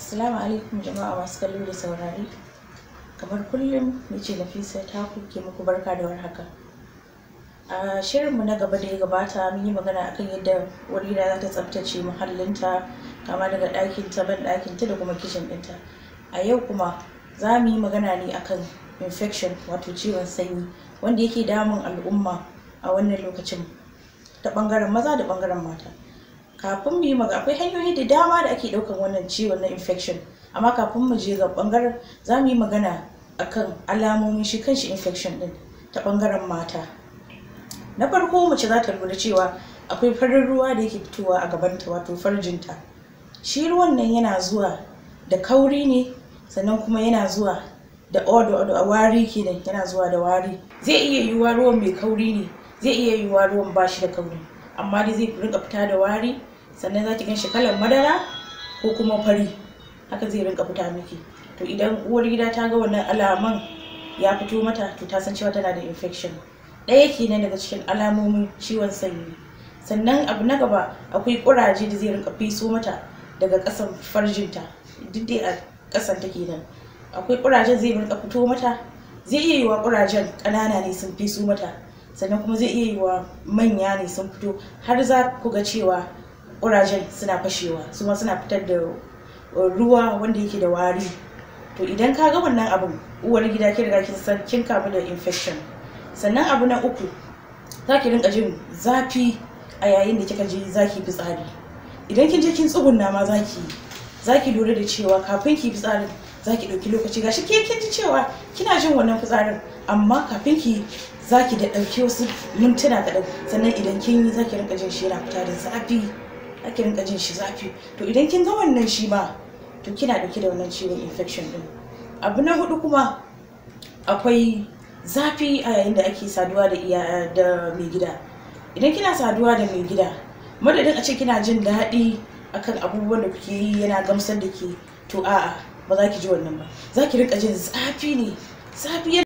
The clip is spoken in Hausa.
Assalamu alaikum jama'a masu kallo da saurari. Kamar kullum ce Nafisa ta kuke muku barka da warhaka. A shirinmu na gaba da ya gabata mun yi magana akan yadda walida za ta tsaftace muhallinta kama daga ɗakin ta ban ɗakin ta da kuma kicin ɗinta. A yau kuma za mu yi magana ne akan infection wato ciwon sanyi wanda yake damun al'umma a wannan lokacin ta ɓangaren maza da ɓangaren mata. kafin mu yi maga akwai hanyoyi da dama da ake ɗaukan wannan ciwon na infection amma kafin mu je ga ɓangaren za mu yi magana akan alamomin shi kanshi infection ɗin ta ɓangaren mata na farko mace za ta lura cewa akwai farin ruwa da yake fitowa a gabanta wato farjinta shi ruwan nan yana zuwa da kauri ne sannan kuma yana zuwa da odo odo a wari kenan yana zuwa da wari zai iya yiwuwa ruwan mai kauri ne zai iya yiwuwa ruwan bashi da kauri amma dai zai rinka fita da wari sannan za ki gan shi kalan madara ko kuma fari haka zai rinka fita miki to idan uwar gida ta ga wannan alaman ya fito mata to ta san cewa tana da infection ɗaya kenan daga cikin alamomin ciwon sanyi sannan abu na gaba akwai kuraje da zai rinka fiso mata daga ƙasan farjinta duk dai a ƙasan ta kenan akwai kurajen zai rinka fito mata zai iya yiwa kurajen ƙanana ne sun fiso mata sannan kuma zai iya yiwa manya ne sun fito har za ku ga cewa ƙurajen suna fashewa kuma suna fitar da ruwa wanda yake da wari to idan ka ga wannan abin uwar gida ki riga kin san kin kamu da infection sannan abu na uku za ki rinka jin zafi a yayin da kika je za ki fitsari idan kin je kin tsugunna ma za ki za lura da cewa kafin ki fitsarin za ki ɗauki lokaci gashi ke kin ji cewa kina jin wannan fitsarin amma kafin ki za ki da ɗauki wasu mintuna kadan sannan idan kin yi za ki rinka jin shi yana fita da zafi ake rinka jin shi zafi to idan kin ga wannan shi ma to kina dauke da wannan ciwon infection din abu na hudu kuma akwai zafi a yayin da ake saduwa da iya da mai gida idan kina saduwa da mai gida madadin a ce kina jin daɗi akan abubuwan da kuke yi yana gamsar da ke to a'a ba za ki ji wannan ba za ki rinka jin zafi ne zafi